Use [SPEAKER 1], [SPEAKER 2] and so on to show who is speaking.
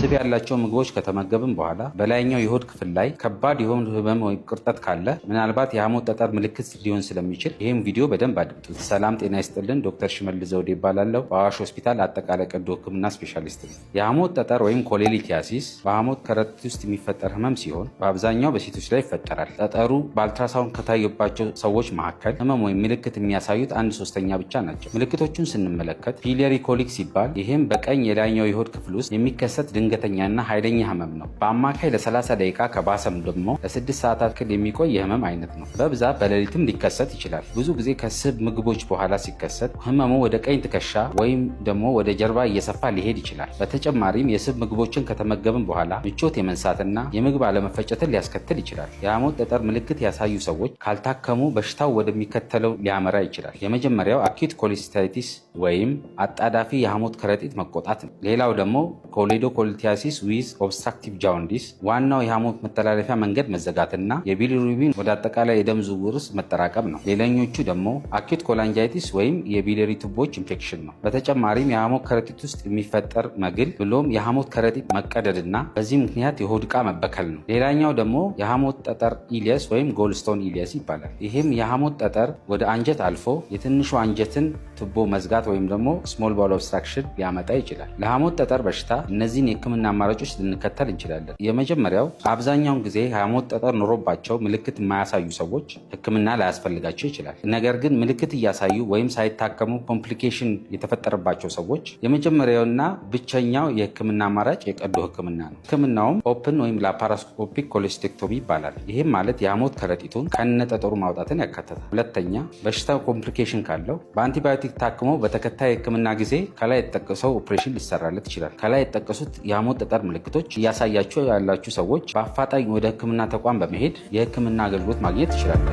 [SPEAKER 1] ስብ ያላቸው ምግቦች ከተመገብን በኋላ በላይኛው የሆድ ክፍል ላይ ከባድ የሆኑ ህመም ወይም ቅርጠት ካለ ምናልባት የሐሞት ጠጠር ምልክት ሊሆን ስለሚችል ይህም ቪዲዮ በደንብ አድምጡት። ሰላም ጤና ይስጥልን። ዶክተር ሽመል ዘውዴ ይባላለሁ። በአዋሽ ሆስፒታል አጠቃላይ ቀዶ ህክምና ስፔሻሊስት ነው። የሐሞት ጠጠር ወይም ኮሌሊቲያሲስ በሐሞት ከረጢት ውስጥ የሚፈጠር ህመም ሲሆን በአብዛኛው በሴቶች ላይ ይፈጠራል። ጠጠሩ በአልትራሳውንድ ከታዩባቸው ሰዎች መካከል ህመም ወይም ምልክት የሚያሳዩት አንድ ሶስተኛ ብቻ ናቸው። ምልክቶቹን ስንመለከት ፒሌሪ ኮሊክ ሲባል ይህም በቀኝ የላይኛው የሆድ ክፍል ውስጥ የሚከሰት ድንገተኛና ኃይለኛ ህመም ነው። በአማካይ ለ30 ደቂቃ ከባሰም ደግሞ ለ6 ሰዓታት ክል የሚቆይ የህመም አይነት ነው። በብዛት በሌሊትም ሊከሰት ይችላል። ብዙ ጊዜ ከስብ ምግቦች በኋላ ሲከሰት ህመሙ ወደ ቀኝ ትከሻ ወይም ደግሞ ወደ ጀርባ እየሰፋ ሊሄድ ይችላል። በተጨማሪም የስብ ምግቦችን ከተመገብን በኋላ ምቾት የመንሳትና የምግብ አለመፈጨትን ሊያስከትል ይችላል። የሐሞት ጠጠር ምልክት ያሳዩ ሰዎች ካልታከሙ በሽታው ወደሚከተለው ሊያመራ ይችላል። የመጀመሪያው አኪዩት ኮሊስታይቲስ ወይም አጣዳፊ የሐሞት ከረጢት መቆጣት ነው። ሌላው ደግሞ ኮሌዶኮሊቲያሲስ ዊዝ ኦብስትራክቲቭ ጃውንዲስ ዋናው የሐሞት መተላለፊያ መንገድ መዘጋትና የቢሊሩቢን ወደ አጠቃላይ የደም ዝውውር ውስጥ መጠራቀም ነው። ሌላኞቹ ደግሞ አኪዩት ኮላንጃይቲስ ወይም የቢሊሪ ቱቦች ኢንፌክሽን ነው። በተጨማሪም የሐሞት ከረጢት ውስጥ የሚፈጠር መግል ብሎም የሐሞት ከረጢት መቀደድና በዚህ ምክንያት የሆድ ዕቃ መበከል ነው። ሌላኛው ደግሞ የሐሞት ጠጠር ኢሊየስ ወይም ጎልስቶን ኢሊየስ ይባላል። ይህም የሐሞት ጠጠር ወደ አንጀት አልፎ የትንሹ አንጀትን ቱቦ መዝጋት ወይም ደግሞ ስሞል ባውል ኦብስትራክሽን ሊያመጣ ይችላል። ለሐሞት ጠጠር በሽታ እነዚህን የህክምና አማራጮች ልንከተል እንችላለን። የመጀመሪያው አብዛኛውን ጊዜ ሐሞት ጠጠር ኖሮባቸው ምልክት የማያሳዩ ሰዎች ህክምና ላያስፈልጋቸው ይችላል። ነገር ግን ምልክት እያሳዩ ወይም ሳይታከሙ ኮምፕሊኬሽን የተፈጠረባቸው ሰዎች የመጀመሪያውና ብቸኛው የህክምና አማራጭ የቀዶ ህክምና ነው። ህክምናውም ኦፕን ወይም ላፓራስኮፒክ ኮሌስቴክቶሚ ይባላል። ይህም ማለት የሐሞት ከረጢቱን ጠጠሩ ማውጣትን ያካተታል። ሁለተኛ በሽታው ኮምፕሊኬሽን ካለው በአንቲባዮቲክ ታክሞ በተከታይ የህክምና ጊዜ ከላይ የተጠቀሰው ኦፕሬሽን ሊሰራለት ይችላል። ከላይ የተጠቀሱት የሐሞት ጠጠር ምልክቶች እያሳያቸው ያላችሁ ሰዎች በአፋጣኝ ወደ ሕክምና ተቋም በመሄድ የሕክምና አገልግሎት ማግኘት ይችላል።